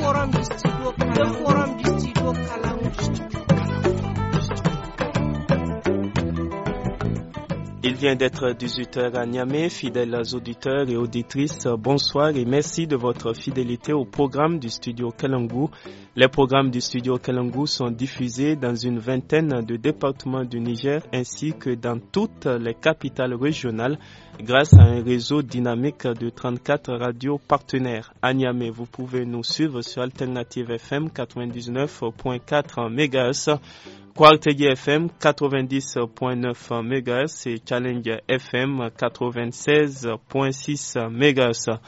forum Il vient d'être 18h à Niamey, fidèles auditeurs et auditrices, bonsoir et merci de votre fidélité au programme du studio Kalangu. Les programmes du studio Kalangu sont diffusés dans une vingtaine de départements du Niger ainsi que dans toutes les capitales régionales grâce à un réseau dynamique de 34 radios partenaires. À vous pouvez nous suivre sur Alternative FM 99.4 MHz, Quartier FM 90.9 MHz et Challenge FM 96.6 MHz.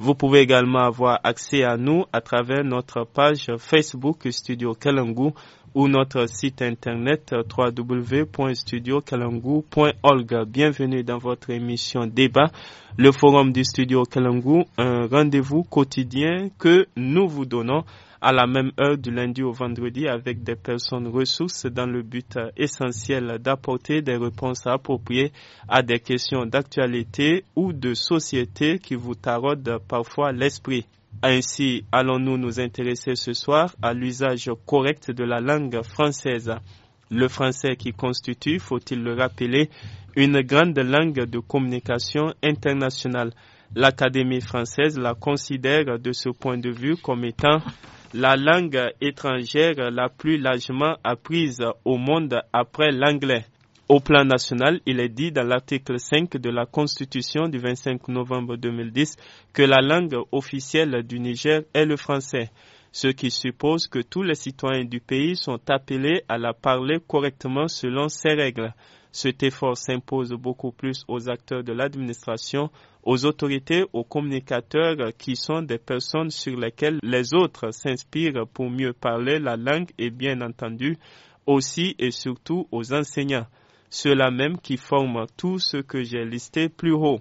Vous pouvez également avoir accès à nous à travers notre page Facebook Studio Kalangu ou notre site internet www.studiokalangu.org. Bienvenue dans votre émission Débat, le forum du Studio Kalangu, un rendez-vous quotidien que nous vous donnons à la même heure du lundi au vendredi avec des personnes ressources dans le but euh, essentiel d'apporter des réponses appropriées à des questions d'actualité ou de société qui vous taraudent parfois l'esprit. Ainsi, allons-nous nous intéresser ce soir à l'usage correct de la langue française. Le français qui constitue, faut-il le rappeler, une grande langue de communication internationale. L'Académie française la considère de ce point de vue comme étant la langue étrangère la plus largement apprise au monde après l'anglais. Au plan national, il est dit dans l'article 5 de la Constitution du 25 novembre 2010 que la langue officielle du Niger est le français, ce qui suppose que tous les citoyens du pays sont appelés à la parler correctement selon ces règles. Cet effort s'impose beaucoup plus aux acteurs de l'administration, aux autorités, aux communicateurs qui sont des personnes sur lesquelles les autres s'inspirent pour mieux parler la langue et bien entendu aussi et surtout aux enseignants, ceux-là même qui forment tout ce que j'ai listé plus haut.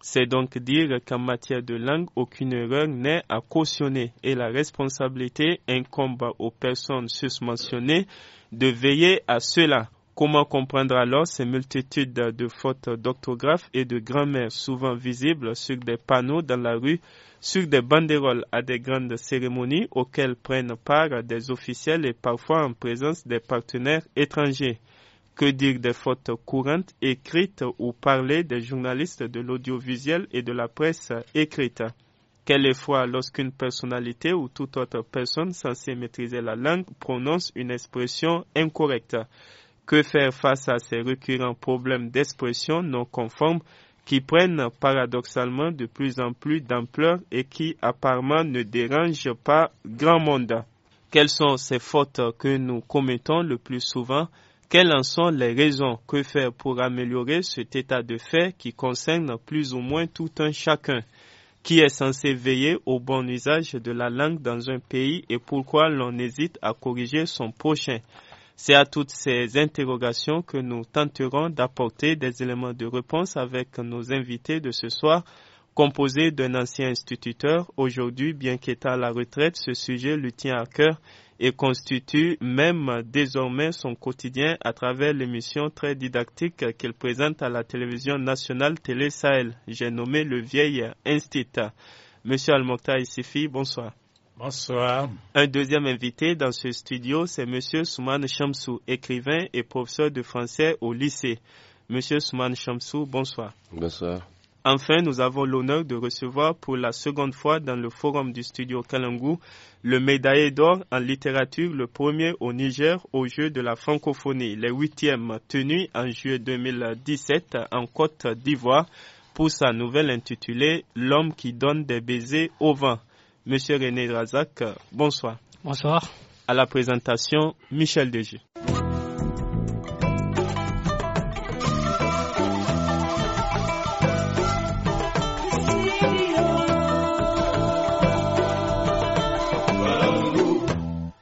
C'est donc dire qu'en matière de langue, aucune erreur n'est à cautionner et la responsabilité incombe aux personnes susmentionnées de veiller à cela Comment comprendre alors ces multitudes de fautes d'orthographe et de grammaire souvent visibles sur des panneaux dans la rue, sur des banderoles à des grandes cérémonies auxquelles prennent part des officiels et parfois en présence des partenaires étrangers que dire des fautes courantes écrites ou parlées des journalistes de l'audiovisuel et de la presse écrite est foi lorsqu'une personnalité ou toute autre personne censée maîtriser la langue prononce une expression incorrecte que faire face à ces récurrents problèmes d'expression non conformes qui prennent paradoxalement de plus en plus d'ampleur et qui apparemment ne dérangent pas grand monde Quelles sont ces fautes que nous commettons le plus souvent quelles en sont les raisons Que faire pour améliorer cet état de fait qui concerne plus ou moins tout un chacun Qui est censé veiller au bon usage de la langue dans un pays et pourquoi l'on hésite à corriger son prochain c'est à toutes ces interrogations que nous tenterons d'apporter des éléments de réponse avec nos invités de ce soir, composés d'un ancien instituteur. Aujourd'hui, bien qu'étant à la retraite, ce sujet lui tient à cœur et constitue même désormais son quotidien à travers l'émission très didactique qu'il présente à la télévision nationale Télé Sahel. J'ai nommé le vieil instituteur. Monsieur Al-Mokhtar bonsoir. Bonsoir. Un deuxième invité dans ce studio, c'est M. Souman Chamsou, écrivain et professeur de français au lycée. M. Souman Chamsou, bonsoir. Bonsoir. Enfin, nous avons l'honneur de recevoir pour la seconde fois dans le forum du studio Kalangu le médaillé d'or en littérature, le premier au Niger au jeu de la francophonie, les huitièmes tenus en juillet 2017 en Côte d'Ivoire pour sa nouvelle intitulée L'homme qui donne des baisers au vent. Monsieur René Razak, bonsoir. Bonsoir. À la présentation, Michel Dejeu.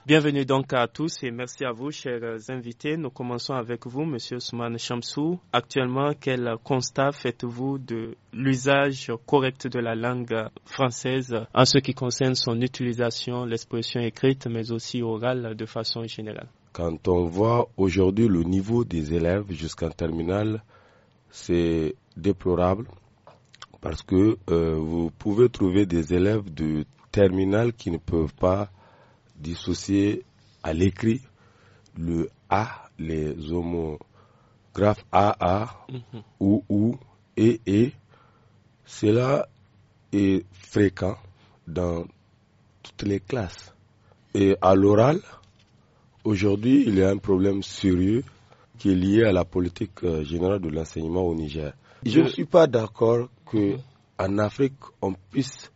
Bienvenue donc à tous et merci à vous, chers invités. Nous commençons avec vous, Monsieur Suman Chamsou. Actuellement, quel constat faites-vous de l'usage correct de la langue française en ce qui concerne son utilisation, l'expression écrite, mais aussi orale de façon générale Quand on voit aujourd'hui le niveau des élèves jusqu'en terminale, c'est déplorable parce que euh, vous pouvez trouver des élèves de terminale qui ne peuvent pas dissocier à l'écrit le A, les homographes AA A, mhm. ou ou et et. Cela est fréquent dans toutes les classes. Et à l'oral, aujourd'hui, il y a un problème sérieux qui est lié à la politique euh, générale de l'enseignement au Niger. Je ne suis pas d'accord que mhm. en Afrique, on puisse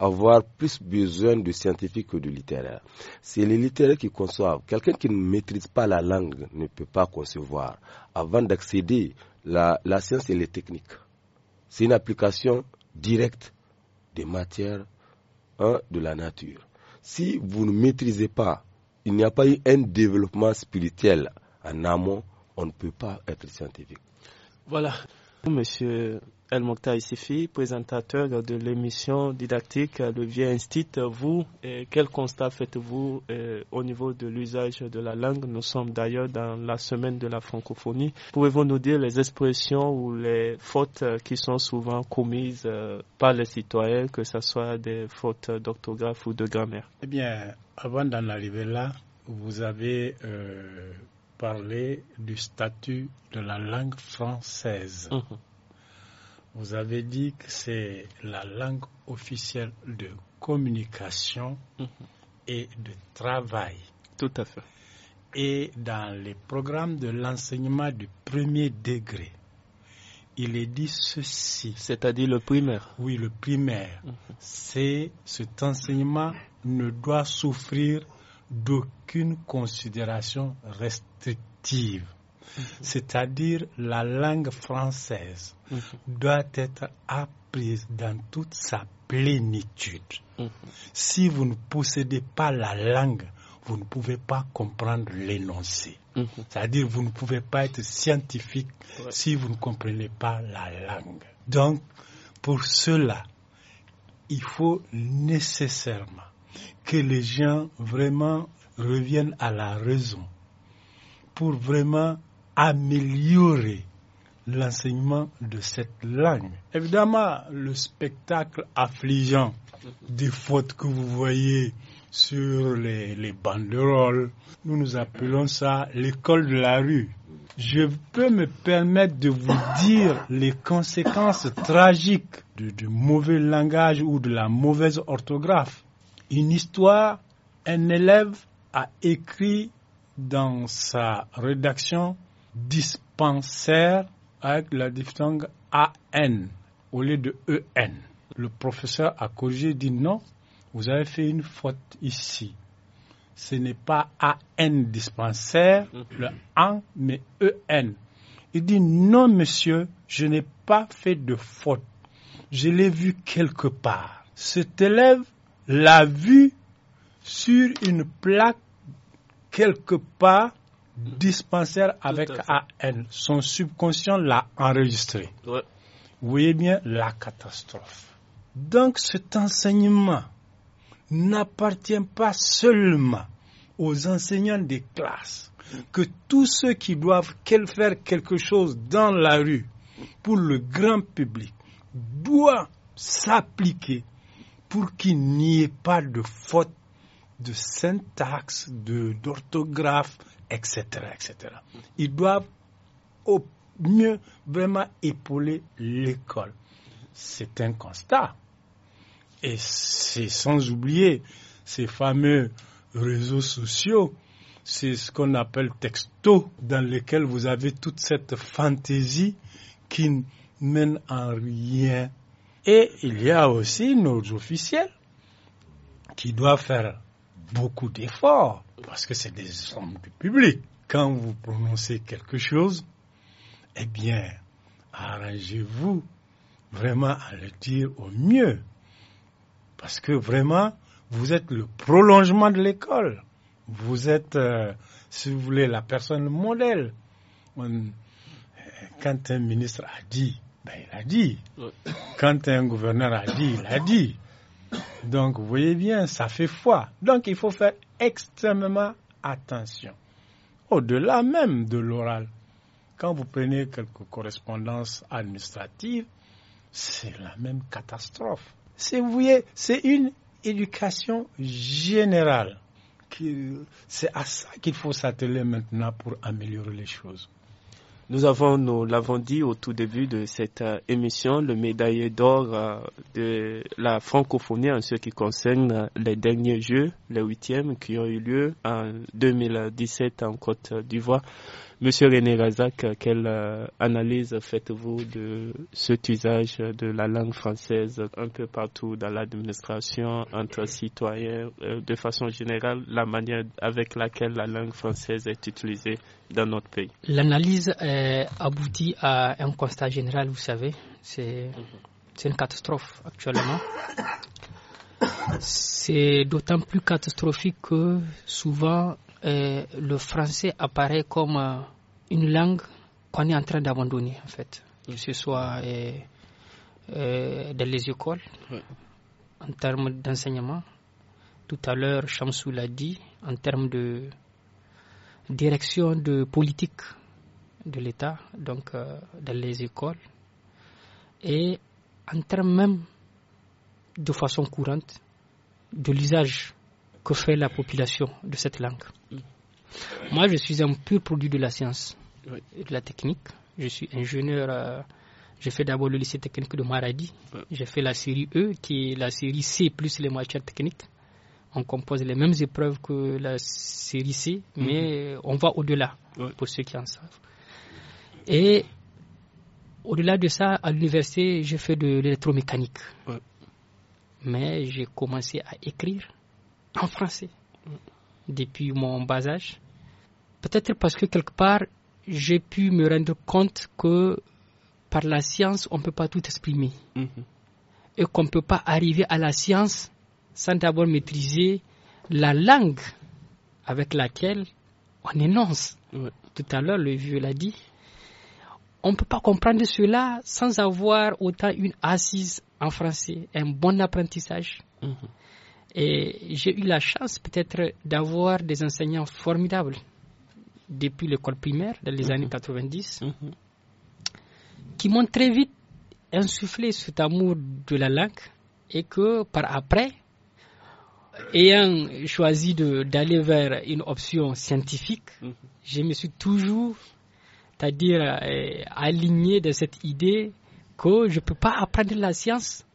avoir plus besoin de scientifiques que de littéraires. C'est les littéraires qui conçoivent. Quelqu'un qui ne maîtrise pas la langue ne peut pas concevoir. Avant d'accéder, la, la science, et les techniques. C'est une application directe des matières hein, de la nature. Si vous ne maîtrisez pas, il n'y a pas eu un développement spirituel en amont, on ne peut pas être scientifique. Voilà. Monsieur El Mokhtar présentateur de l'émission didactique Le Vieux Institut. Vous, euh, quel constat faites-vous euh, au niveau de l'usage de la langue Nous sommes d'ailleurs dans la semaine de la francophonie. Pouvez-vous nous dire les expressions ou les fautes euh, qui sont souvent commises par les citoyens, que ce soit des fautes d'orthographe ou de grammaire Eh bien, avant d'en arriver là, vous avez parlé du statut de la langue française. Mm-hmm. Vous avez dit que c'est la langue officielle de communication mhm. et de travail. Tout à fait. Et dans les programmes de l'enseignement du premier degré, il est dit ceci. C'est-à-dire le primaire. Oui, le primaire. Mhm. C'est cet enseignement ne doit souffrir d'aucune considération restrictive. Mhm. C'est-à-dire la langue française Mhm. doit être apprise dans toute sa plénitude. Mhm. Si vous ne possédez pas la langue, vous ne pouvez pas comprendre l'énoncé. Mhm. C'est-à-dire, vous ne pouvez pas être scientifique si vous ne comprenez pas la langue. Donc, pour cela, il faut nécessairement que les gens vraiment reviennent à la raison pour vraiment améliorer l'enseignement de cette langue. Évidemment, le spectacle affligeant des fautes que vous voyez sur les, banderoles, nous nous appelons ça l'école de la rue. Je peux me permettre de vous dire les conséquences tragiques du, du mauvais langage ou de la mauvaise orthographe. Une histoire, un élève a écrit dans sa rédaction dispensaire avec la diphtongue AN au lieu de EN. Le professeur a corrigé, dit non, vous avez fait une faute ici. Ce n'est pas AN dispensaire, le AN, mais EN. Il dit non, monsieur, je n'ai pas fait de faute. Je l'ai vu quelque part. Cet élève l'a vu sur une plaque quelque part dispensaire avec AN. Son subconscient l'a enregistré. Vous voyez bien la catastrophe. Donc cet enseignement n'appartient pas seulement aux enseignants des classes, que tous ceux qui doivent faire quelque chose dans la rue pour le grand public doivent s'appliquer pour qu'il n'y ait pas de faute de syntaxe, d'orthographe, etc., etc. Ils doivent au mieux vraiment épauler l'école. C'est un constat. Et c'est sans oublier ces fameux réseaux sociaux, c'est ce qu'on appelle texto, dans lesquels vous avez toute cette fantaisie qui mène en rien. Et il y a aussi nos officiels qui doivent faire beaucoup d'efforts parce que c'est des hommes du public. Quand vous prononcez quelque chose, eh bien, arrangez-vous vraiment à le dire au mieux. Parce que vraiment, vous êtes le prolongement de l'école. Vous êtes, euh, si vous voulez, la personne modèle. quand un ministre a dit, ben, il a dit. Quand un gouverneur a dit, il a dit. Donc, vous voyez bien, ça fait foi. Donc, il faut faire extrêmement attention. Au-delà même de l'oral, quand vous prenez quelques correspondances administratives, c'est la même catastrophe. C'est, vous voyez, c'est une éducation générale. C'est à ça qu'il faut s'atteler maintenant pour améliorer les choses. Nous avons, nous l'avons dit au tout début de cette euh, émission, le médaillé d'or euh, de la francophonie en ce qui concerne euh, les derniers jeux, les huitièmes qui ont eu lieu en 2017 en Côte d'Ivoire. Monsieur René Razak, quelle euh, analyse faites-vous de cet usage de la langue française un peu partout dans l'administration, entre citoyens, euh, de façon générale, la manière avec laquelle la langue française est utilisée dans notre pays L'analyse euh, aboutit à un constat général, vous savez. C'est une catastrophe actuellement. C'est d'autant plus catastrophique que souvent euh, le français apparaît comme euh, une langue qu'on est en train d'abandonner, en fait, que ce soit euh, dans les écoles, en termes d'enseignement. Tout à l'heure, Chamsou l'a dit, en termes de direction de politique de l'État, donc dans les écoles, et en termes même de façon courante de l'usage que fait la population de cette langue. Moi, je suis un pur produit de la science et de la technique. Je suis ingénieur. Euh, j'ai fait d'abord le lycée technique de Maradi. J'ai fait la série E, qui est la série C plus les matières techniques. On compose les mêmes épreuves que la série C, mhm. mais on va au-delà, pour ceux qui en savent. Et au-delà de ça, à l'université, j'ai fait de l'électromécanique. Mais j'ai commencé à écrire en français depuis mon bas âge. Peut-être parce que quelque part, j'ai pu me rendre compte que par la science, on ne peut pas tout exprimer. Mhm. Et qu'on ne peut pas arriver à la science sans d'abord maîtriser la langue avec laquelle on énonce. Tout à l'heure, le vieux l'a dit. On ne peut pas comprendre cela sans avoir autant une assise en français, un bon apprentissage. Mhm. Et j'ai eu la chance peut-être d'avoir des enseignants formidables depuis l'école primaire dans les mhm. années 90 mhm. qui m'ont très vite insufflé cet amour de la langue et que par après, ayant choisi d'aller vers une option scientifique, mhm. je me suis toujours, c'est-à-dire euh, aligné de cette idée que je ne peux pas apprendre la science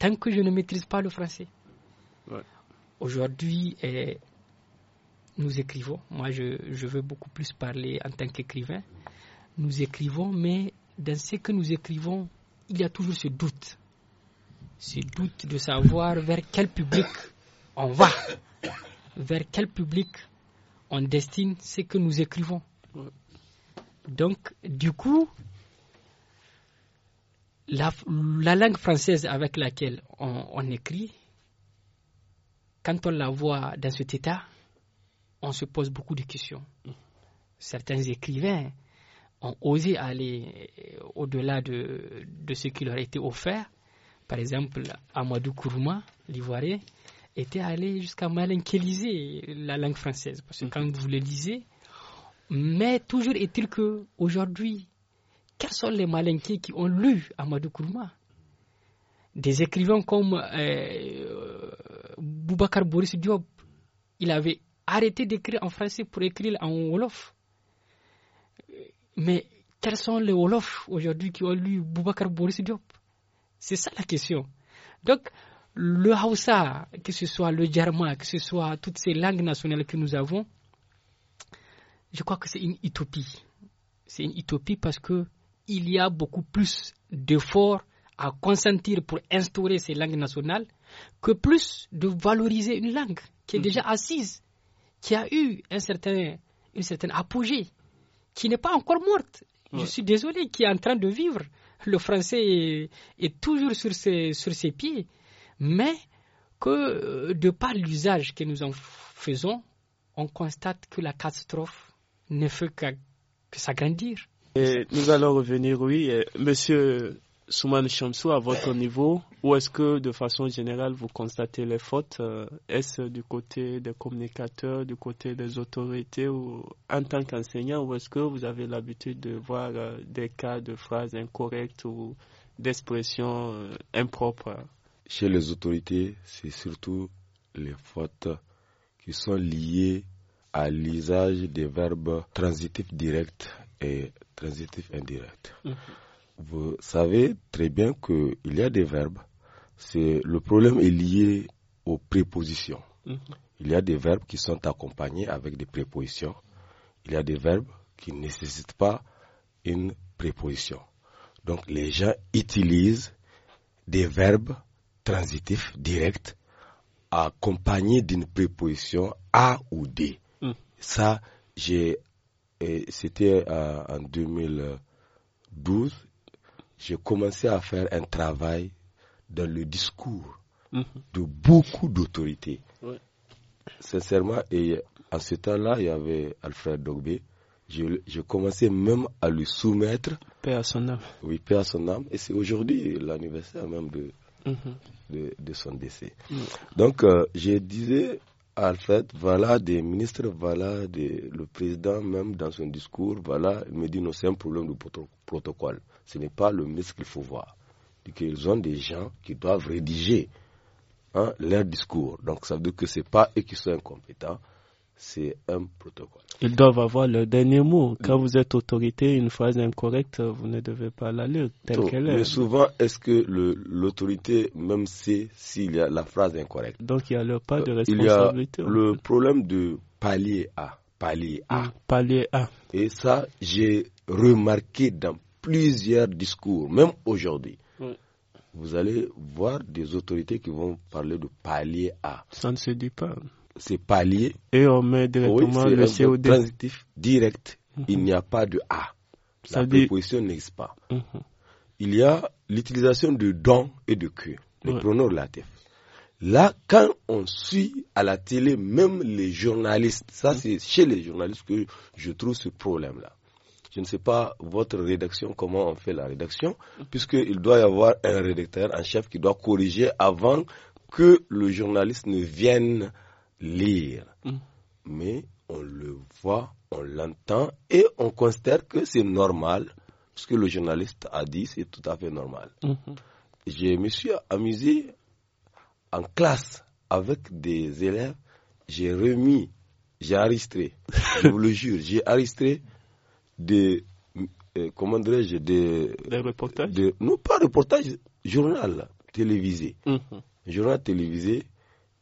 tant que je ne maîtrise pas le français. Aujourd'hui, eh, nous écrivons. Moi, je, veux beaucoup plus parler en tant qu'écrivain. Nous écrivons, mais dans ce que nous écrivons, il y a toujours ce doute. Ce doute de savoir vers quel public on va, vers quel public on destine ce que nous écrivons. Donc, du coup, la, langue française avec laquelle on écrit, quand on la voit dans cet état, on se pose beaucoup de questions. Certains écrivains ont osé aller euh, au-delà de, ce qui leur a été offert. Par exemple, Amadou Kourouma, l'ivoirien, était allé jusqu'à malinquéliser la langue française. Parce que mm-hmm. quand vous le lisez, mais toujours est-il qu'aujourd'hui, quels sont les malinqués qui ont lu Amadou Kourouma des écrivains comme euh, Boubacar Boris Diop, il avait arrêté d'écrire en français pour écrire en Wolof. Mais quels sont les wolof aujourd'hui qui ont lu Boubacar Boris Diop C'est ça la question. Donc, le Hausa, que ce soit le Djarma, que ce soit toutes ces langues nationales que nous avons, je crois que c'est une utopie. C'est une utopie parce que il y a beaucoup plus d'efforts à consentir pour instaurer ces langues nationales que plus de valoriser une langue qui est mhm. déjà assise, qui a eu un certain, une certaine apogée, qui n'est pas encore morte. Je suis désolé, qui est en train de vivre. Le français est, toujours sur ses, sur ses pieds, mais que euh, de par l'usage que nous en faisons, on constate que la catastrophe ne fait que, que s'agrandir. Et nous allons revenir, oui. Monsieur Soumane Chamsou, à votre niveau, ou est-ce que de façon générale vous constatez les fautes euh, Est-ce du côté des communicateurs, du côté des autorités ou en tant qu'enseignant, ou est-ce que vous avez l'habitude de voir euh, des cas de phrases incorrectes ou d'expressions euh, impropres Chez les autorités, c'est surtout les fautes qui sont liées à l'usage des verbes transitifs directs et transitifs indirects. Mhm. Vous savez très bien qu'il y a des verbes. le problème est lié aux prépositions. Mm-hmm. Il y a des verbes qui sont accompagnés avec des prépositions. Il y a des verbes qui ne nécessitent pas une préposition. Donc les gens utilisent des verbes transitifs directs accompagnés d'une préposition A ou D. Mm. Ça, j'ai, c'était en 2012, j'ai commencé à faire un travail dans le discours mhm. de beaucoup d'autorités. Sincèrement, et en ce temps-là, il y avait Alfred Dogbé. Je, commençais même à lui soumettre. Paix à son âme. Oui, paix à son âme. Et c'est aujourd'hui l'anniversaire même de, mhm. de, son décès. Donc, euh, je disais à Alfred, voilà des ministres, voilà le président même dans son discours, voilà, il me dit, non c'est un problème de protocole. Ce n'est pas le ministre qu'il faut voir. Ils ont des gens qui doivent rédiger hein, leur discours. Donc ça veut dire que ce n'est pas eux qui sont incompétents, c'est un protocole. Ils doivent avoir le dernier mot. Quand vous êtes autorité, une phrase incorrecte, vous ne devez pas la lire telle qu'elle est. Mais souvent, est-ce que l'autorité, même sait s'il y a la phrase incorrecte Donc il y a euh, le pas de responsabilité. le problème de palier à, Palier A. Palier A. Et ça, j'ai remarqué dans plusieurs discours, même aujourd'hui. Vous allez voir des autorités qui vont parler de palier A. Ça ne se dit pas. C'est palier. Et on met directement oui, le COD. Transitif direct. Mhm. Il n'y a pas de A. Ça La proposition n'existe pas. Mhm. Il y a l'utilisation de don et de que, les pronoms relatifs. Là, quand on suit à la télé, même les journalistes, ça mhm. c'est chez les journalistes que je trouve ce problème-là. Je ne sais pas votre rédaction, comment on fait la rédaction, puisqu'il doit y avoir un rédacteur en chef qui doit corriger avant que le journaliste ne vienne lire. Mm. Mais on le voit, on l'entend et on constate que c'est normal. Ce que le journaliste a dit, c'est tout à fait normal. j'ai mm-hmm. Je me suis amusé en classe avec des élèves. J'ai remis, j'ai enregistré, je vous le jure, j'ai enregistré des euh, comment dirais-je des, des reportages de, non pas reportages journal télévisé mhm. journal télévisé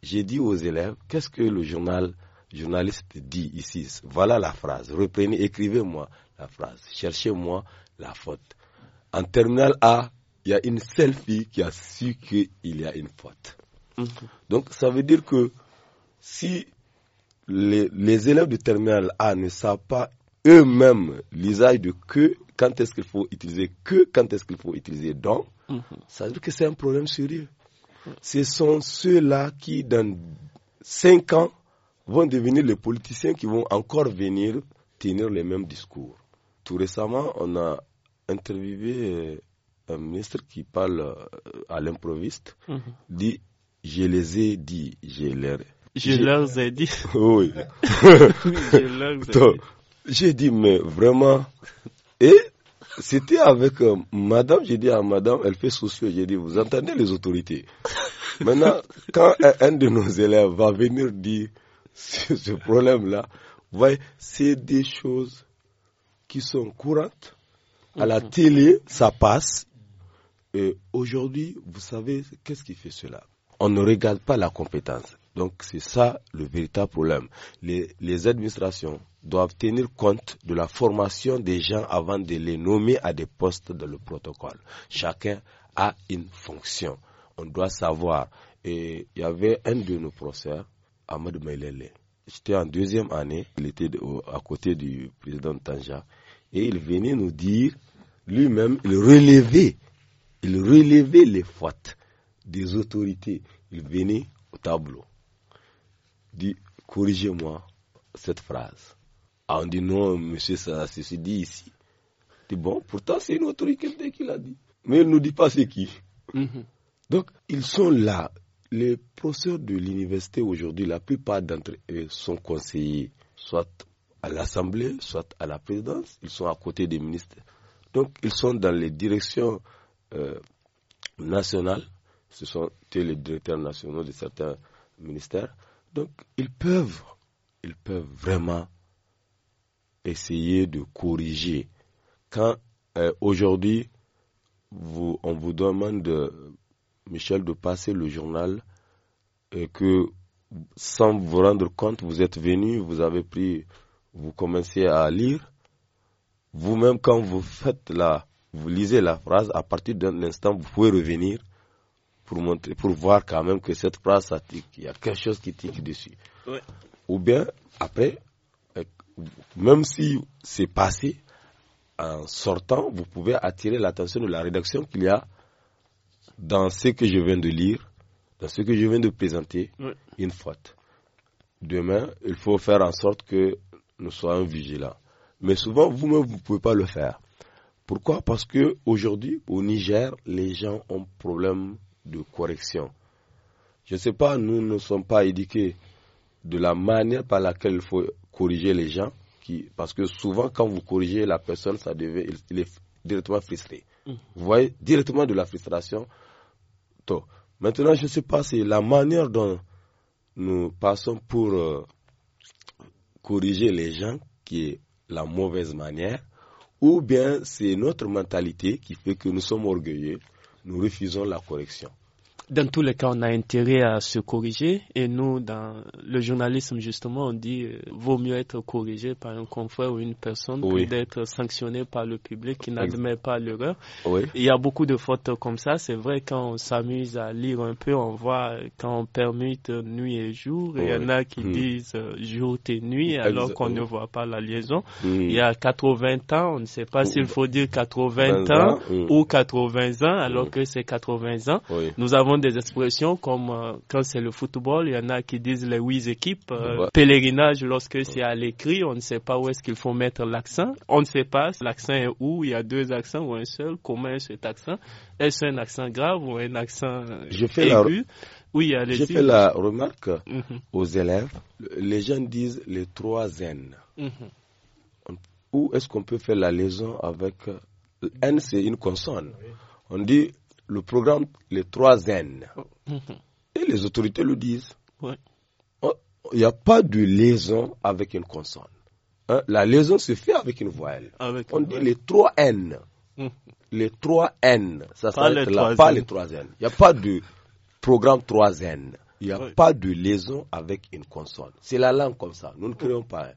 j'ai dit aux élèves qu'est-ce que le journal journaliste dit ici voilà la phrase reprenez écrivez-moi la phrase cherchez-moi la faute en terminal A il y a une seule fille qui a su qu'il y a une faute mhm. donc ça veut dire que si les, les élèves de terminal A ne savent pas eux-mêmes l'usage de que, quand est-ce qu'il faut utiliser que, quand est-ce qu'il faut utiliser donc mhm. ça veut dire que c'est un problème sérieux. Ce sont ceux-là qui, dans cinq ans, vont devenir les politiciens qui vont encore venir tenir les mêmes discours. Tout récemment, on a interviewé euh, un ministre qui parle euh, à l'improviste, mhm. dit Je les ai dit, je leur je leur ai dit. oui. je leur ai dit. J'ai dit, mais vraiment. Et c'était avec euh, madame, j'ai dit à madame, elle fait souci j'ai dit, vous entendez les autorités. Maintenant, quand un, de nos élèves va venir dire ce, problème-là, voyez, c'est des choses qui sont courantes. À la mhm. télé, ça passe. Et aujourd'hui, vous savez, qu'est-ce qui fait cela On ne regarde pas la compétence. Donc, c'est ça le véritable problème. les administrations doivent tenir compte de la formation des gens avant de les nommer à des postes dans le protocole. Chacun a une fonction. On doit savoir. Et il y avait un de nos professeurs, Ahmed Melele. J'étais en deuxième année, il était à côté du président Tanja. Et il venait nous dire, lui-même, il relevait, il relevait les fautes des autorités. Il venait au tableau, dit, corrigez-moi cette phrase. Ah, on dit non, monsieur, ça, se dit ici. C'est bon, pourtant, c'est une autorité qui l'a dit. Mais il ne nous dit pas c'est qui. Mm-hmm. Donc, ils sont là. Les professeurs de l'université aujourd'hui, la plupart d'entre eux sont conseillers, soit à l'Assemblée, soit à la présidence. Ils sont à côté des ministres. Donc, ils sont dans les directions euh, nationales. Ce sont les directeurs nationaux de certains ministères. Donc, ils peuvent, ils peuvent vraiment essayer de corriger. Quand euh, aujourd'hui, vous, on vous demande, Michel, de passer le journal et euh, que sans vous rendre compte, vous êtes venu, vous avez pris, vous commencez à lire. Vous-même, quand vous faites la, vous lisez la phrase, à partir d'un instant, vous pouvez revenir pour montrer, pour voir quand même que cette phrase, il y a quelque chose qui tique dessus. Ou bien, après, même si c'est passé, en sortant, vous pouvez attirer l'attention de la rédaction qu'il y a dans ce que je viens de lire, dans ce que je viens de présenter, une faute. Demain, il faut faire en sorte que nous soyons vigilants. Mais souvent, vous-même, vous ne pouvez pas le faire. Pourquoi Parce que aujourd'hui, au Niger, les gens ont problème de correction. Je ne sais pas, nous ne sommes pas éduqués de la manière par laquelle il faut corriger les gens. Qui, parce que souvent, quand vous corrigez la personne, ça devait, il, est directement frustré. Mm. Vous voyez, directement de la frustration. Maintenant, je ne sais pas si la manière dont nous passons pour euh, corriger les gens qui est la mauvaise manière, ou bien c'est notre mentalité qui fait que nous sommes orgueilleux, nous refusons la correction dans tous les cas, on a intérêt à se corriger. Et nous, dans le journalisme, justement, on dit euh, vaut mieux être corrigé par un confrère ou une personne oui. que d'être sanctionné par le public qui n'admet pas l'erreur. Il y a beaucoup de fautes comme ça. C'est vrai, quand on s'amuse à lire un peu, on voit euh, quand on permute nuit et jour. et Il y en a qui hmm. disent euh, jour et nuit alors qu'on ne voit pas la liaison. Hmm. Il y a 80 ans, on ne sait pas s'il hmm. faut dire 80 ans, ou 80 ans alors que c'est 80 ans. Nous avons des expressions comme euh, quand c'est le football, il y en a qui disent les huit équipes. Euh, pèlerinage, lorsque c'est à l'écrit, on ne sait pas où est-ce qu'il faut mettre l'accent. On ne sait pas l'accent est où, il y a deux accents ou un seul, comment est cet accent. Est-ce un accent grave ou un accent euh, Je fais la... Oui, fais la remarque mhm. aux élèves. Les gens disent les trois N. Mhm. Où est-ce qu'on peut faire la liaison avec N, c'est une consonne. On dit le programme Les trois N. Mhm. Et les autorités le disent. Oh, il n'y a pas de liaison avec une consonne. Hein, la liaison se fait avec une voile. On dit les trois mhm. N. Les trois N. Ça s'arrête pas les trois N. Il n'y a pas de programme trois N. Il n'y a pas de liaison avec une consonne. C'est la langue comme ça. Nous ne créons pas.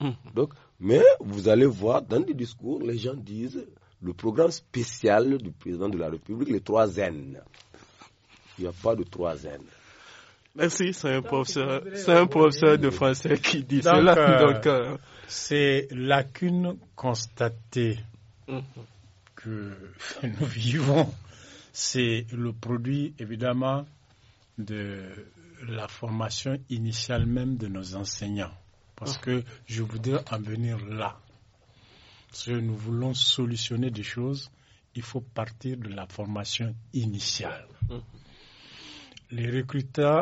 Mhm. Donc, mais vous allez voir, dans des discours, les gens disent le programme spécial du président de la République, les trois N. Il n'y a pas de trois N. Merci, c'est un professeur, c'est un professeur de français qui dit cela. Euh, donc, euh, mm-hmm. que nous vivons, c'est le produit évidemment de la formation initiale même de nos enseignants. Parce mm. que je voudrais en venir là. Si nous voulons solutionner des choses, il faut partir de la formation initiale. Les, et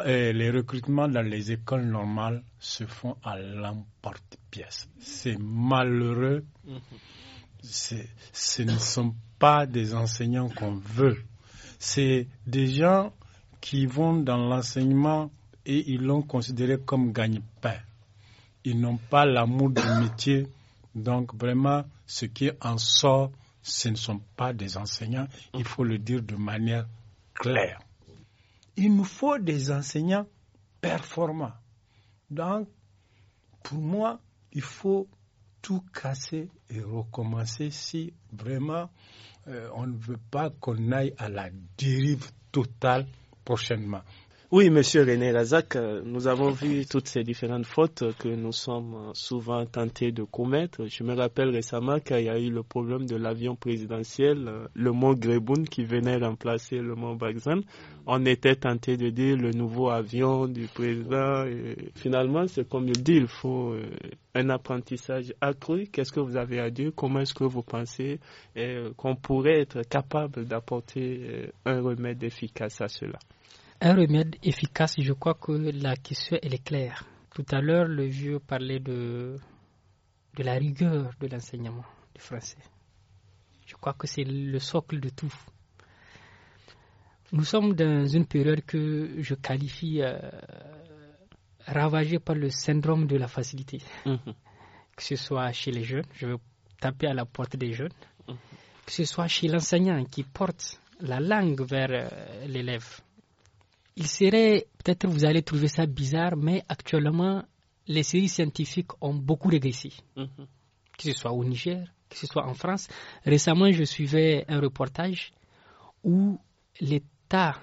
eh, les recrutements dans les écoles normales se font à l'emporte-pièce. C'est malheureux. Ce ne sont pas des enseignants qu'on veut. C'est des gens qui vont dans l'enseignement et ils l'ont considéré comme gagne-pain. Ils n'ont pas l'amour du métier, donc vraiment, ce qui en sort, ce ne sont pas des enseignants, il faut le dire de manière claire. Il nous faut des enseignants performants. Donc, pour moi, il faut tout casser et recommencer si vraiment euh, on ne veut pas qu'on aille à la dérive totale prochainement. Oui, Monsieur René Razak, euh, nous avons vu toutes ces différentes fautes que nous sommes euh, souvent tentés de commettre. Je me rappelle récemment qu'il y a eu le problème de l'avion présidentiel, euh, le mont Greboun qui venait remplacer le mont Bagzan. On était tenté de dire le nouveau avion du président. finalement, c'est comme il dit, il faut un apprentissage accru. Qu'est-ce que vous avez à dire Comment est-ce que vous pensez qu'on pourrait être capable d'apporter un remède efficace à cela un remède efficace, je crois que la question elle est claire. Tout à l'heure, le vieux parlait de, de la rigueur de l'enseignement du français. Je crois que c'est le socle de tout. Nous sommes dans une période que je qualifie euh, ravagée par le syndrome de la facilité. Mm-hmm. Que ce soit chez les jeunes, je veux taper à la porte des jeunes, mm-hmm. que ce soit chez l'enseignant qui porte la langue vers euh, l'élève il serait, peut-être vous allez trouver ça bizarre, mais actuellement, les séries scientifiques ont beaucoup régressé, mhm. que ce soit au Niger, que ce soit en France. Récemment, je suivais un reportage où l'État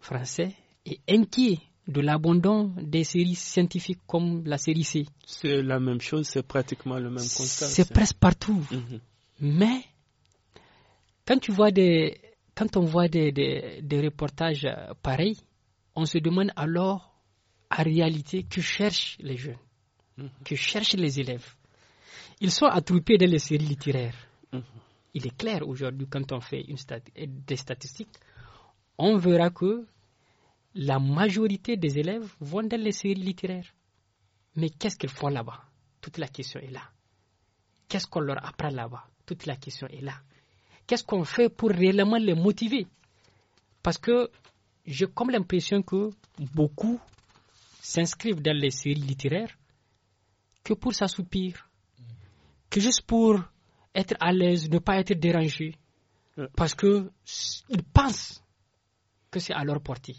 français est inquiet de l'abandon des séries scientifiques comme la série C. C'est la même chose, c'est pratiquement le même constat. C'est presque partout. Mhm. Mais quand tu vois des, quand on voit des, des reportages pareils, on se demande alors, en réalité, que cherchent les jeunes, mhm. que cherchent les élèves. Ils sont attroupés dans les séries littéraires. Mhm. Il est clair aujourd'hui, quand on fait des statistiques, on verra que la majorité des élèves vont dans les séries littéraires. Mais qu'est-ce qu'ils font là-bas Toute la question est là. Qu'est-ce qu'on leur apprend là-bas Toute la question est là. Qu'est-ce qu'on fait pour réellement les motiver Parce que j'ai comme l'impression que beaucoup s'inscrivent dans les séries littéraires que pour s'assoupir, que juste pour être à l'aise, ne pas être dérangé, euh. parce qu'ils pensent que c'est à leur portée.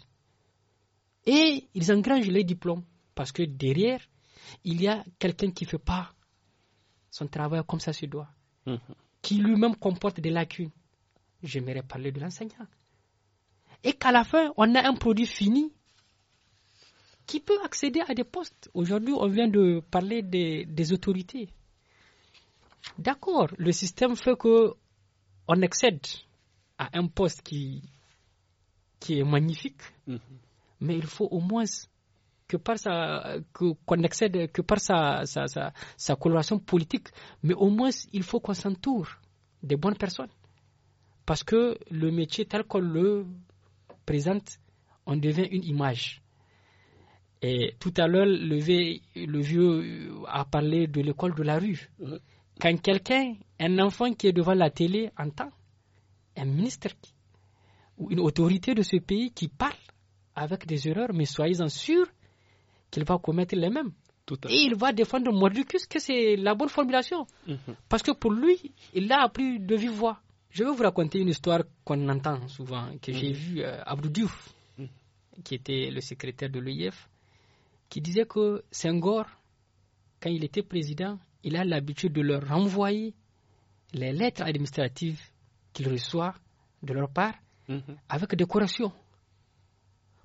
Et ils engrangent les diplômes, parce que derrière, il y a quelqu'un qui ne fait pas son travail comme ça se doit, hum, hum. qui lui-même comporte des lacunes. J'aimerais parler de l'enseignant et qu'à la fin, on a un produit fini qui peut accéder à des postes. Aujourd'hui, on vient de parler des, autorités. D'accord, le système fait que on accède à un poste qui, qui est magnifique, mhm. mais il faut au moins que par sa qu'on accède que par sa, sa, sa, coloration politique, mais au moins il faut qu'on s'entoure des bonnes personnes, parce que le métier tel qu'on le présente, on devient une image. Et tout à l'heure, le, vieux, euh, a parlé de l'école de la rue. Quand quelqu'un, un enfant qui est devant la télé, entend un ministre ou une autorité de ce pays qui parle avec des erreurs, mais soyez-en sûrs qu'il va commettre les mêmes. Et il va défendre Mordicus que c'est la bonne formulation. Mhm. Parce que pour lui, il a appris de vive voix. Je vais vous raconter une histoire qu'on entend souvent, que j'ai mhm. vu euh, Abdou Diouf, mhm. qui était le secrétaire de l'OIF, qui disait que Senghor, quand il était président, il a l'habitude de leur renvoyer les lettres administratives qu'il reçoit de leur part mhm. avec des corrections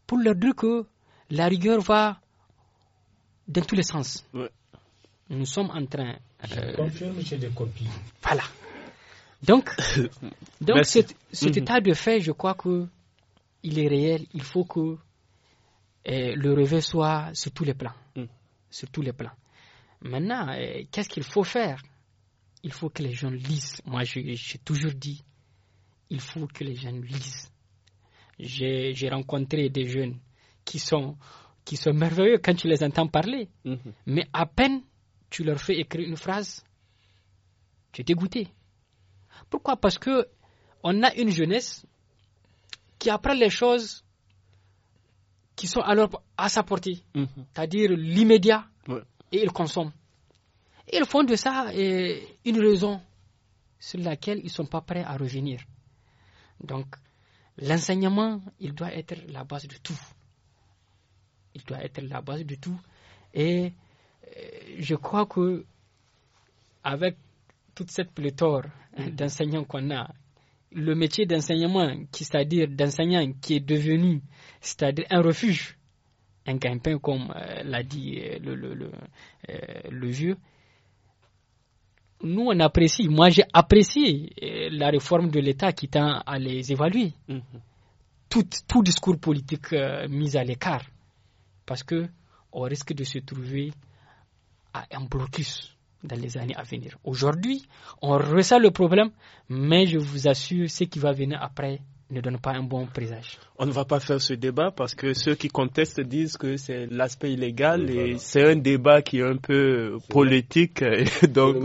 pour leur dire que la rigueur va dans tous les sens. Nous sommes en train. Euh, Je confirme, j'ai des copies. Voilà. Donc, donc cet, mm-hmm. état de fait, je crois que il est réel. Il faut que eh, le réveil soit sur tous les plans. Mm. Sur tous les plans. Maintenant, eh, qu'est-ce qu'il faut faire Il faut que les jeunes lisent. Moi, j'ai toujours dit, il faut que les jeunes lisent. J'ai rencontré des jeunes qui sont, qui sont merveilleux quand tu les entends parler. Mm-hmm. Mais à peine tu leur fais écrire une phrase, tu es dégoûté. Pourquoi Parce que on a une jeunesse qui apprend les choses qui sont alors à sa portée, mhm. c'est-à-dire l'immédiat, et ils consomment. ils font de ça eh, une raison sur laquelle ils ne sont pas prêts à revenir. Donc, l'enseignement, il doit être la base de tout. Il doit être la base de tout. Et eh, je crois que avec toute cette pléthore euh, mm-hmm. d'enseignants qu'on a, le métier d'enseignement, c'est-à-dire d'enseignant qui est devenu, c'est-à-dire un refuge, un guimpin, comme euh, l'a dit euh, le, le, vieux, nous on apprécie, moi j'ai apprécié la réforme de l'État qui tend à les évaluer. Mm-hmm. Tout, tout, discours politique mis à l'écart, parce que on risque de se trouver à un blocus dans les années à venir. Aujourd'hui, on ressent le problème, mais je vous assure, ce qui va venir après ne donne pas un bon présage. On ne va pas faire ce débat parce que ceux qui contestent disent que c'est l'aspect illégal et c'est un débat qui est un peu politique. donc,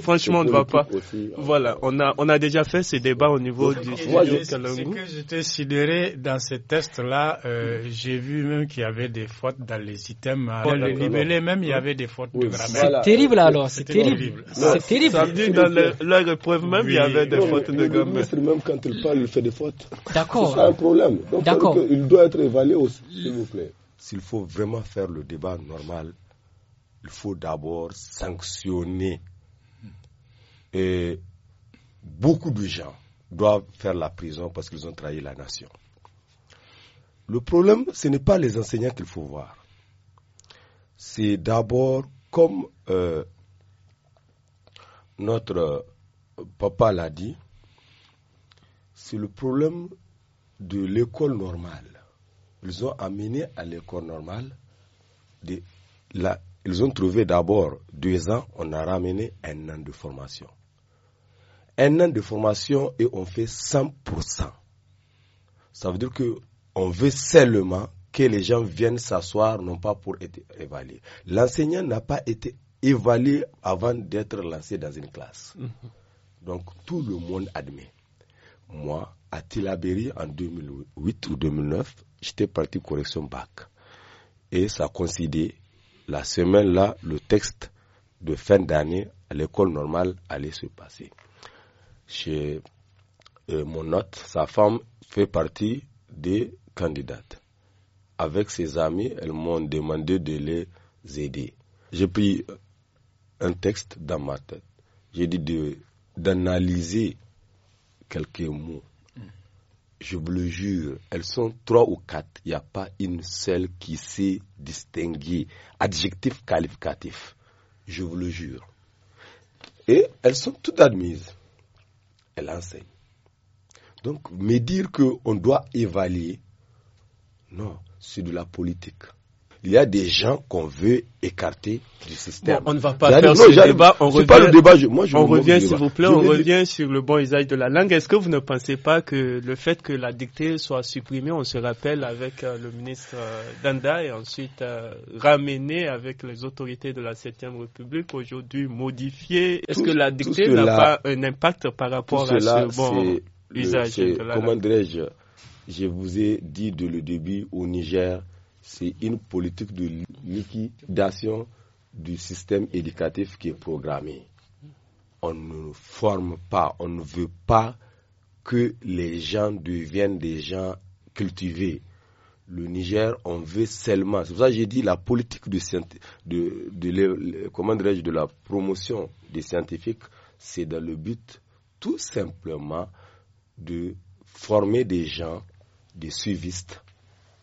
franchement, on ne va pas. Hein. voilà, on a, on a déjà fait ce débat au niveau du studio Kalangu. que j'étais sidéré dans ce test-là, euh, j'ai vu même qu'il y avait des fautes dans les items. Dans même, il y avait des fautes de grammaire. C'est terrible alors, c'est terrible. C'est terrible. Ça veut dire dans leur épreuve même, il y avait des fautes de grammaire. Même quand il parle il fait des fautes. D'accord. C'est un problème. Donc, il doit être évalué aussi, s'il vous plaît. S'il faut vraiment faire le débat normal, il faut d'abord sanctionner. Et beaucoup de gens doivent faire la prison parce qu'ils ont trahi la nation. Le problème, ce n'est pas les enseignants qu'il faut voir. C'est d'abord comme euh, notre papa l'a dit, c'est le problème de l'école normale. Ils ont amené à l'école normale, ils ont trouvé d'abord deux ans, on a ramené un an de formation. Un an de formation et on fait 100%. Ça veut dire que on veut seulement que les gens viennent s'asseoir, non pas pour être évalués. L'enseignant n'a pas été évalué avant d'être lancé dans une classe. Mm-hmm. Donc tout le monde admet moi, à Tilaberi en 2008 ou 2009, j'étais parti correction bac. Et ça coïncidait, la semaine-là, le texte de fin d'année à l'école normale allait se passer. Chez euh, mon hôte, sa femme fait partie des candidates. Avec ses amis, elles m'ont demandé de les aider. J'ai pris euh, un texte dans ma tête. J'ai dit d'analyser quelques mots. Je vous le jure, elles sont trois ou quatre. Il n'y a pas une seule qui sait distinguer Adjectif qualificatif. Je vous le jure. Et elles sont toutes admises. Elles enseignent. Donc, me dire qu'on doit évaluer, non, c'est de la politique il y a des gens qu'on veut écarter du système. on ne va pas faire ce débat. On revient, pas le débat. on revient, s'il vous plaît, on revient sur le bon usage de la langue. Est-ce que vous ne pensez pas que le fait que la dictée soit supprimée, on se rappelle avec euh, le ministre euh, Danda et ensuite euh, ramené ramenée avec les autorités de la 7 République, aujourd'hui modifiée, est-ce que la dictée n'a pas un impact par rapport à ce bon usage de la langue Comment dirais-je Je vous ai dit de le début au Niger, c'est une politique de liquidation du système éducatif qui est programmée. On ne forme pas, on ne veut pas que les gens deviennent des gens cultivés. Le Niger, on veut seulement. C'est pour ça que j'ai dit la politique de, de la promotion des scientifiques, c'est dans le but tout simplement de former des gens, des suivistes,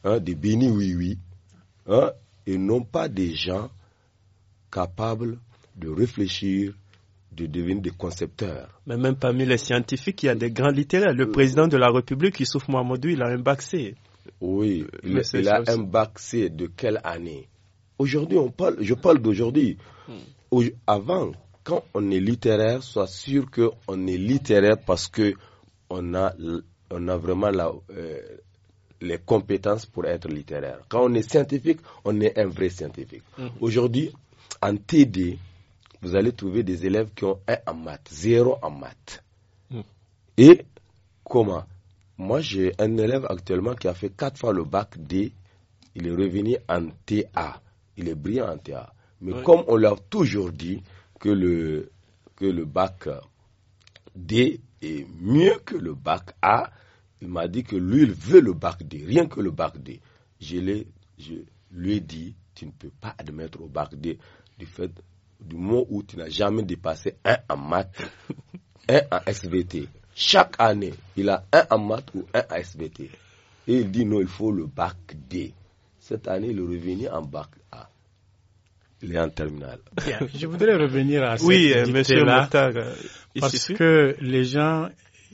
Hein, des bénis oui oui, hein, et non pas des gens capables de réfléchir, de devenir des concepteurs. Mais même parmi les scientifiques, il y a des grands littéraires. Le euh, président de la République, Youssouf Mohamedou, il a un bac C. Oui, euh, mais il a un bac C de quelle année Aujourd'hui, on parle, je parle d'aujourd'hui. Hmm. Avant, quand on est littéraire, sois sûr qu'on est littéraire parce que on a, on a vraiment la, euh, les compétences pour être littéraire. Quand on est scientifique, on est un vrai scientifique. Mhm. Aujourd'hui, en TD, vous allez trouver des élèves qui ont un en maths, 0 en maths. Mhm. Et comment Moi, j'ai un élève actuellement qui a fait 4 fois le bac D. Il est revenu en TA. Il est brillant en TA. Mais comme on l'a toujours dit que le, que le bac D est mieux que le bac A, il m'a dit que lui, il veut le D. rien que le D. Je, je lui ai dit, tu ne peux pas admettre au D du fait du mot où tu n'as jamais dépassé un en maths, un en SVT. Chaque année, il a un en maths ou un en SVT. Et il dit non, il faut le bac D. Cette année, il est revenu en bac A. Ah, il est en terminale. je voudrais revenir à oui, euh, monsieur là, euh, parce que les gens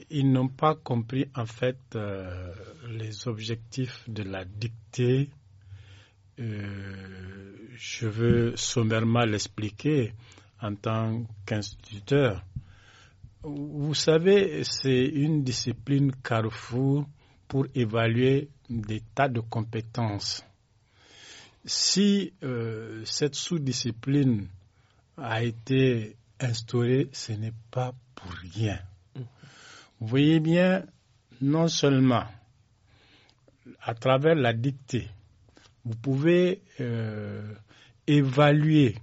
ils n'ont pas compris en fait euh, les objectifs de la dictée. Euh, je veux sommairement l'expliquer en tant qu'instituteur. Vous savez, c'est une discipline carrefour pour évaluer des tas de compétences. Si euh, cette sous-discipline a été instaurée, ce n'est pas pour rien. Mmh. Vous voyez bien, non seulement à travers la dictée, vous pouvez euh, évaluer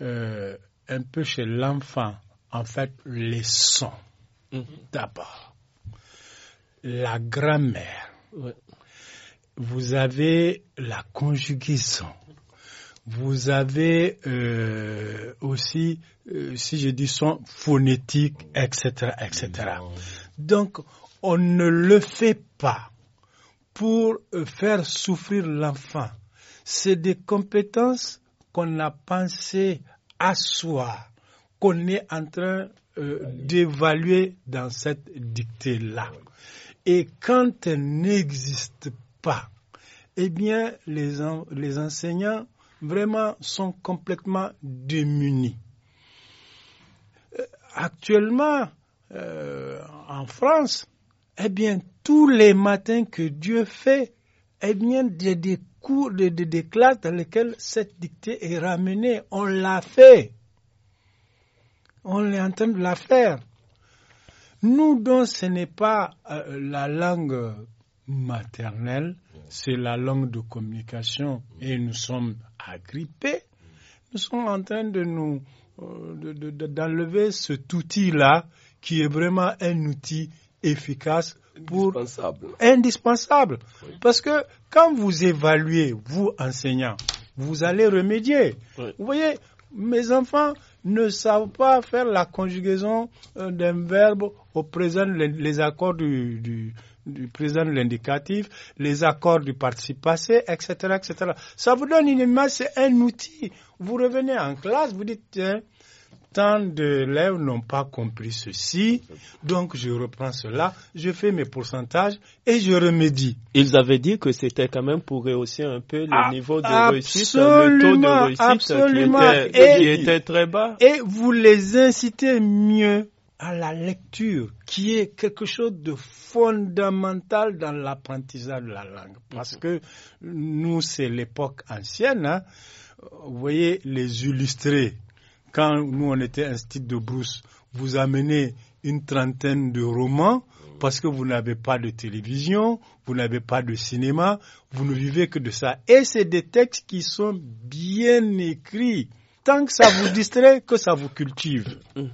euh, un peu chez l'enfant, en fait, les sons. Mmh. D'abord, la grammaire. Vous avez la conjugaison. Vous avez euh, aussi, euh, si je dis son phonétique, etc., etc. Donc, on ne le fait pas pour euh, faire souffrir l'enfant. C'est des compétences qu'on a pensé soi, qu'on est en train d'évaluer dans cette dictée-là. Et quand elle n'existe pas, eh bien, les, les enseignants vraiment sont complètement démunis. Euh, actuellement, euh, en France, eh bien, tous les matins que Dieu fait, eh bien, a des cours, des, classes dans lesquelles cette dictée est ramenée. On l'a fait. On est en train de la faire. Nous, donc, ce n'est pas euh, la langue maternelle, c'est la langue de communication et nous sommes agrippés, nous sommes en train de nous euh, d'enlever cet outil-là qui est vraiment un outil efficace pour indispensable. Parce que quand vous évaluez, vous enseignants, vous allez remédier. Vous voyez, mes enfants ne savent pas faire la conjugaison euh, d'un verbe au présent les, accords du du président de l'indicatif, les accords du parti passé, etc., etc. Ça vous donne une image, c'est un outil. Vous revenez en classe, vous dites, tiens, tant d'élèves n'ont pas compris ceci, donc je reprends cela, je fais mes pourcentages et je remédie. Ils avaient dit que c'était quand même pour rehausser un peu le ah, niveau de réussite, le taux de réussite et, qui était très bas. Et vous les incitez mieux à la lecture, qui est quelque chose de fondamental dans l'apprentissage de la langue. Parce mhm. que nous, c'est l'époque ancienne. Hein. Vous voyez, les illustrés, quand nous, on était un style de Brousse, vous amenez une trentaine de romans mhm. parce que vous n'avez pas de télévision, vous n'avez pas de cinéma, vous ne vivez que de ça. Et c'est des textes qui sont bien écrits. Tant que ça vous distrait, que ça vous cultive. Mhm.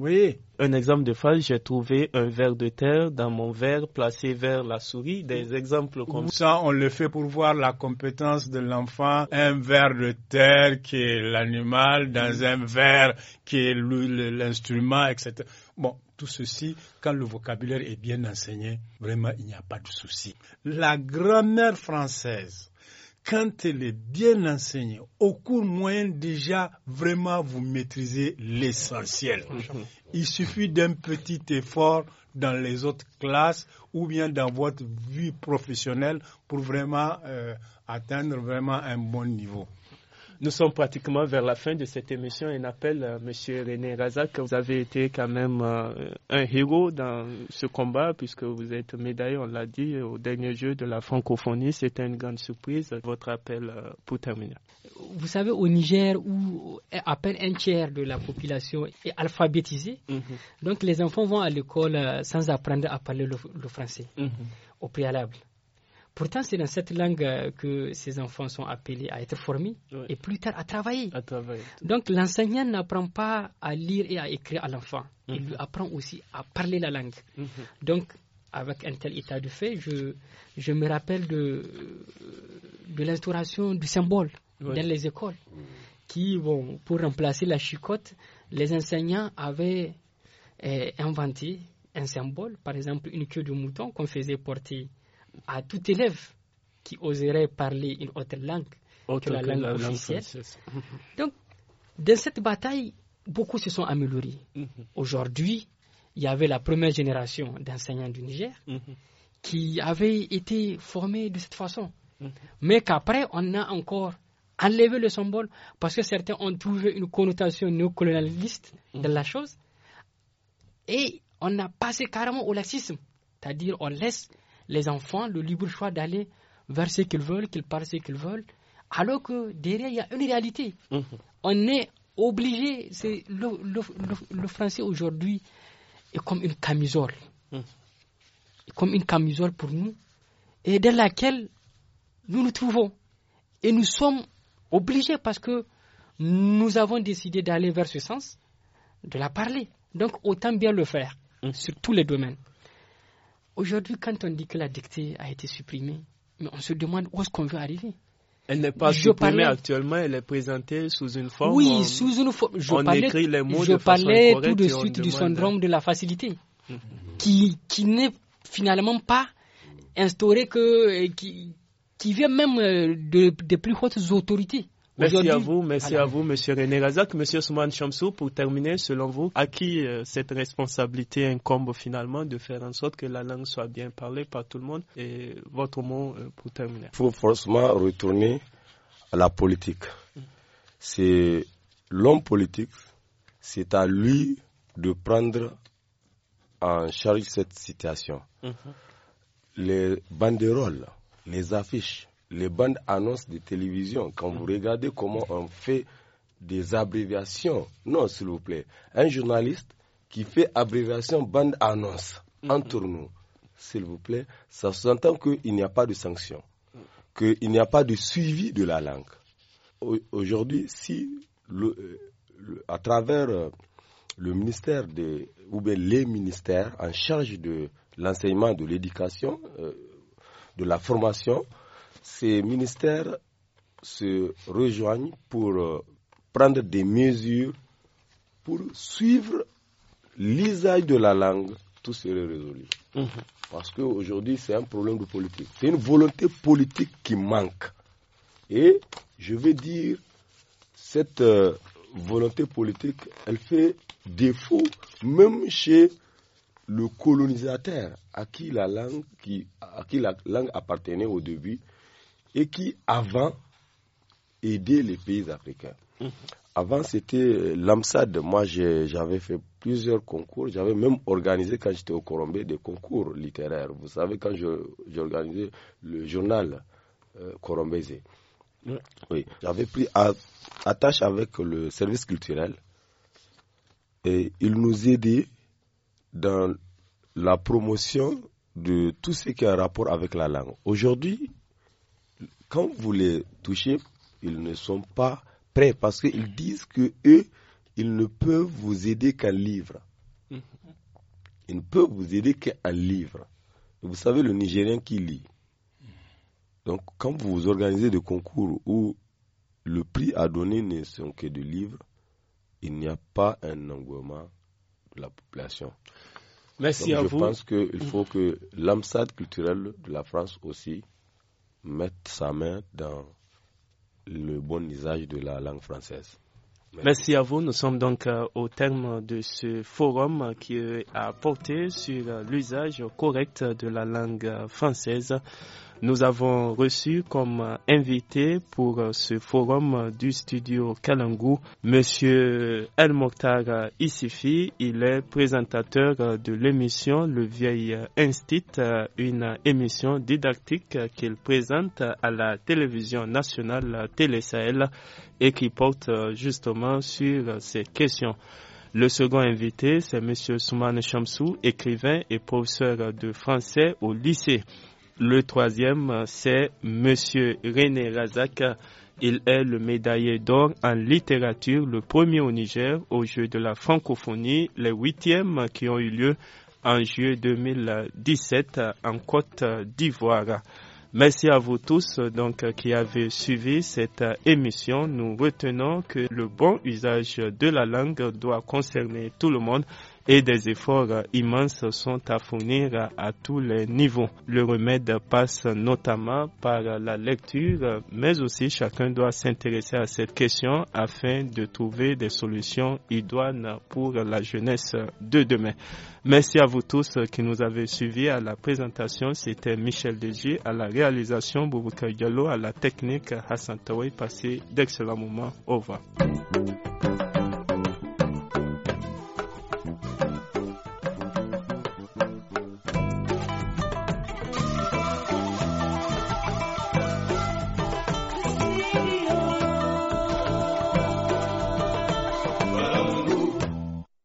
Oui. Un exemple de phrase, j'ai trouvé un verre de terre dans mon verre placé vers la souris. Des exemples comme ça. on le fait pour voir la compétence de l'enfant. Un verre de terre qui est l'animal dans un verre qui est l'instrument, etc. Bon, tout ceci, quand le vocabulaire est bien enseigné, vraiment, il n'y a pas de souci. La grammaire française quand elle est bien enseignée, au cours moyen, déjà, vraiment, vous maîtrisez l'essentiel. Mhm. Il suffit d'un petit effort dans les autres classes ou bien dans votre vie professionnelle pour vraiment euh, atteindre vraiment un bon niveau. Nous sommes pratiquement vers la fin de cette émission. Un appel, à Monsieur René Razak, vous avez été quand même euh, un héros dans ce combat puisque vous êtes médaillé, on l'a dit, au dernier jeu de la francophonie. C'était une grande surprise. Votre appel euh, pour terminer. Vous savez, au Niger, où à peine un tiers de la population est alphabétisée, mhm. donc les enfants vont à l'école euh, sans apprendre à parler le, français mhm. au préalable. Pourtant, c'est dans cette langue que ces enfants sont appelés à être formés et plus tard à travailler. Donc, l'enseignant n'apprend pas à lire et à écrire à l'enfant. Il mhm. lui apprend aussi à parler la langue. Mhm. Donc, avec un tel état de fait, je, je me rappelle de, de l'instauration du symbole dans les écoles, qui, vont pour remplacer la chicotte, les enseignants avaient eh, inventé un symbole, par exemple une queue de mouton qu'on faisait porter à tout élève qui oserait parler une autre langue que la langue officielle. Donc, dans cette bataille, beaucoup se sont améliorés. Mm-hmm. Aujourd'hui, il y avait la première génération d'enseignants du Niger mm-hmm. qui avaient été formés de cette façon. Mm-hmm. Mais qu'après, on a encore enlevé le symbole parce que certains ont trouvé une connotation néocolonialiste dans la chose. Et on a passé carrément au laxisme. C'est-à-dire, on laisse les enfants le libre choix d'aller vers ce qu'ils veulent, qu'ils parlent ce qu'ils veulent, alors que derrière, il y a une réalité. Mhm. On est obligé, c'est le, français aujourd'hui est comme une camisole. Mhm. Comme une camisole pour nous, et dans laquelle nous nous trouvons. Et nous sommes obligés parce que nous avons décidé d'aller vers ce sens, de la parler. Donc autant bien le faire mhm. sur tous les domaines. Aujourd'hui, quand on dit que la dictée a été supprimée, mais on se demande où est-ce qu'on veut arriver. Elle n'est pas supprimée actuellement, elle est présentée sous une forme. Oui, sous une forme. Je parlais, écrit les je tout de suite du syndrome de la facilité, mhm. qui, qui n'est finalement pas instauré que. Qui, qui vient même euh, des de plus hautes autorités. Merci à vous, merci à vous, Monsieur René Razak. Monsieur Souman Chamsou, pour terminer, selon vous, à qui euh, cette responsabilité incombe finalement de faire en sorte que la langue soit bien parlée par tout le monde Et votre mot euh, pour terminer. Il faut forcément retourner à la politique. C'est l'homme politique, c'est à lui de prendre en charge cette situation. Mhm. Les banderoles, les affiches, les bandes annonces de télévision, quand vous regardez comment on fait des abréviations, non, s'il vous plaît, un journaliste qui fait abréviation bande annonce entre nous, s'il vous plaît, ça s'entend qu'il n'y a pas de sanction, qu'il n'y a pas de suivi de la langue. Aujourd'hui, si euh, à travers euh, le ministère de, ou bien les ministères en charge de l'enseignement, de l'éducation, euh, de la formation, ces ministères se rejoignent pour euh, prendre des mesures pour suivre l'usage de la langue, tout serait résolu. Mhm. Parce qu'aujourd'hui, c'est un problème de politique. C'est une volonté politique qui manque. Et je vais dire, cette euh, volonté politique, elle fait défaut même chez le colonisateur à qui la langue, à qui la langue appartenait au début et qui, avant, aidait les pays africains. Mhm. Avant, c'était euh, l'AMSAD. Moi, j'avais fait plusieurs concours. J'avais même organisé, quand j'étais au Corombe, des concours littéraires. Vous savez, quand j'organisais le journal euh, Oui. J'avais pris attache avec le service culturel et il nous aidait dans la promotion de tout ce qui a rapport avec la langue. Aujourd'hui, quand vous les touchez, ils ne sont pas prêts parce qu'ils disent que eux, ils ne peuvent vous aider qu'un livre. Mhm. Ils ne peuvent vous aider qu'un livre. Vous savez, le Nigérien qui lit. Donc, quand vous organisez des concours où le prix à donner ne sont que de livres, il n'y a pas un engouement de la population. Merci à je vous. Je pense qu'il faut mhm. que l'AMSAD culturelle de la France aussi mettre sa main dans le bon usage de la langue française. Merci à vous. Nous sommes donc euh, au terme de ce forum qui a porté sur euh, l'usage correct de la langue euh, française. Nous avons reçu comme euh, invité pour euh, ce forum euh, du studio Kalangou M. El Mokhtar Issifi. Il est présentateur de l'émission Le Vieil Instit, une émission didactique qu'il présente à la télévision nationale Télé-Sahel et qui porte justement sur ces questions. Le second invité, c'est M. Soumane Chamsou, écrivain et professeur de français au lycée. Le troisième, c'est Monsieur René Razak. Il est le médaillé d'or en littérature, le premier au Niger au jeu de la francophonie, les huitièmes qui ont eu lieu en juillet 2017 en Côte d'Ivoire. Merci à vous tous donc qui avez suivi cette émission. Nous retenons que le bon usage de la langue doit concerner tout le monde et des efforts euh, immenses sont à fournir euh, à tous les niveaux. Le remède passe notamment par euh, la lecture, mais aussi chacun doit s'intéresser à cette question afin de trouver des solutions idoines pour la jeunesse de demain. Merci à vous tous qui nous avez suivis à la présentation. C'était Michel Deji à la réalisation, Boubouka Diallo à la technique, Hassan Tawai. Passez d'excellents moments. Au revoir.